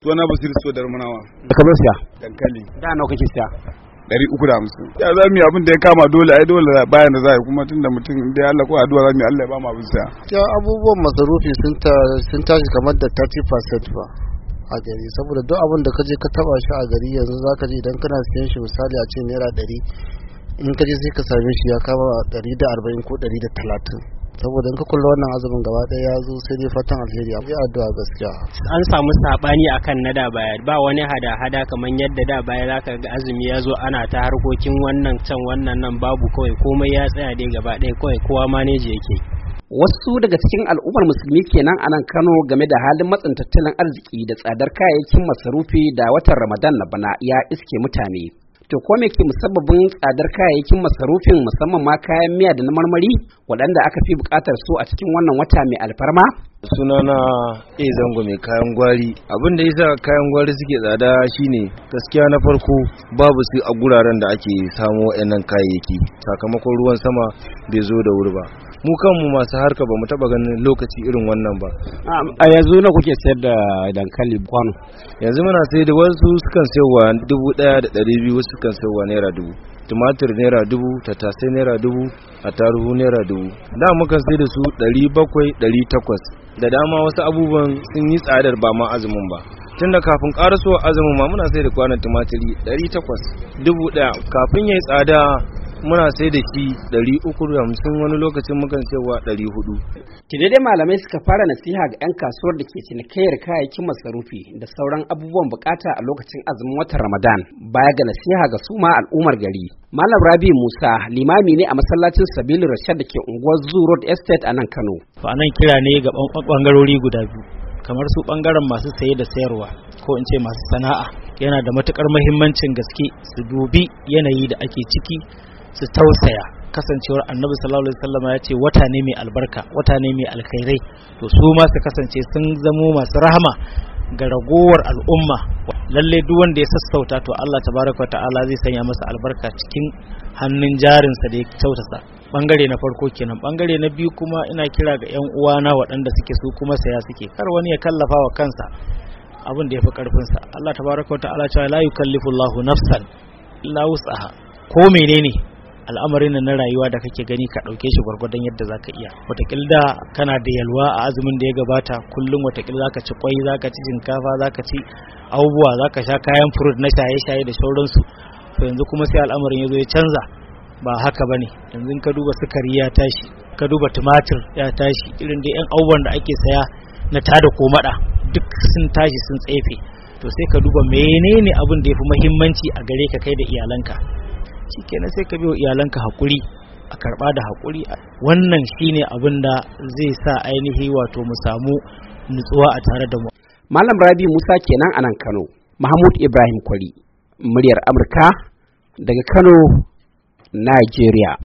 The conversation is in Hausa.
Tuna Basir Da Munawa. Kamar siya? Dankali. Da nawa kake siya? Dari uku da hamsin. Ya za mu yi abin da ya kama dole ai dole bayan da za yi kuma tun da mutum da ya Allah ko addu'a za mu yi Allah ya ba mu abin siya. Ya abubuwan masarufi sun tashi kamar da 30% ba. a gari saboda duk abin da kaje ka taba shi a gari yanzu za ka je idan kana siyan shi misali a ce naira 100 in kaje sai ka same shi ya kama 140 ko 130 saboda in ka kulla wannan azumin gaba ɗaya ya zo sai dai fatan alheri a addu'a gaskiya an samu sabani akan na da baya ba wani hada hada kamar yadda da baya zaka ga azumi ya zo ana ta harkokin wannan can wannan nan babu kawai komai ya tsaya dai gaba ɗaya kawai kowa maneji yake wasu daga cikin al'ummar musulmi kenan a nan kano game da halin matsin tattalin arziki da tsadar kayayyakin masarufi da watan ramadan na bana ya iske mutane To ko ke musabbabin tsadar kayayyakin masarufin musamman ma kayan miya da na marmari waɗanda aka fi buƙatar su a cikin wannan wata mai alfarma? Sunana A zango mai kayan gwari. Abin da yasa kayan gwari suke tsada shine gaskiya na farko babu su a guraren da ake samo waɗannan kayayyaki sakamakon ruwan sama bai zo da wuri ba. mu kanmu masu harka ba mu taba ganin lokaci irin wannan ba a yanzu na kuke sayar da dankali kwano yanzu muna sai da wasu sukan sayarwa dubu daya da dari biyu wasu sukan sayarwa naira dubu tumatir naira dubu tattasai naira dubu attaruhu naira dubu da muka sai da su dari bakwai dari takwas da dama wasu abubuwan sun yi tsadar ba ma azumin ba tun da kafin karasowa azumin ma muna sai da kwanan tumatiri takwas dubu daya kafin ya yi tsada muna sai da shi 350 wani lokacin mukan cewa 400 dai malamai suka fara nasiha ga 'yan kasuwar da ke cinikayyar kayayyakin masarufi da sauran abubuwan bukata a lokacin azumin watan ramadan baya ga nasiha ga suma al'ummar gari malam rabi musa limami ne a masallacin sabilu rashad da ke unguwar zoo road estate a nan kano a nan kira ne ga bangarori guda biyu kamar su bangaren masu saye da sayarwa ko in ce masu sana'a yana da matukar muhimmancin gaske su dubi yanayi da ake ciki su tausaya kasancewar annabi sallallahu alaihi wasallam ya ce wata ne mai albarka wata ne mai alkhairai to su ma su kasance sun zamo masu rahama ga ragowar al'umma lalle duk wanda ya sassauta to Allah tabaraka ta'ala zai sanya masa albarka cikin hannun jarinsa da ya kyautata bangare na farko kenan bangare na biyu kuma ina kira ga yan uwana waɗanda suke su kuma saya suke kar wani ya kallafa wa kansa abin da ya fi karfinsa Allah tabaraka ta'ala cewa la yukallifullahu nafsan illa wus'aha ko menene al'amarin na rayuwa da kake gani ka ɗauke shi gwargwadon yadda za ka iya watakil da kana da yalwa a azumin da ya gabata kullum watakil za ka ci kwai za ka ci shinkafa za ka ci abubuwa za ka sha kayan furut na shaye-shaye da sauransu to yanzu kuma sai al'amarin ya zo ya canza ba haka ba ne yanzu ka duba sukari ya tashi ka duba tumatir ya tashi irin da 'yan abubuwan da ake saya na tada ko maɗa duk sun tashi sun tsefe to sai ka duba menene abin da ya fi muhimmanci a gare ka kai da iyalanka shikenan sai ka biyo iyalanka hakuri a karba da hakuri wannan shine abin da zai sa ainihi wato mu samu nutsuwa a tare da mu malam rabi musa kenan anan kano mahmud ibrahim kwari muryar amurka daga kano nigeria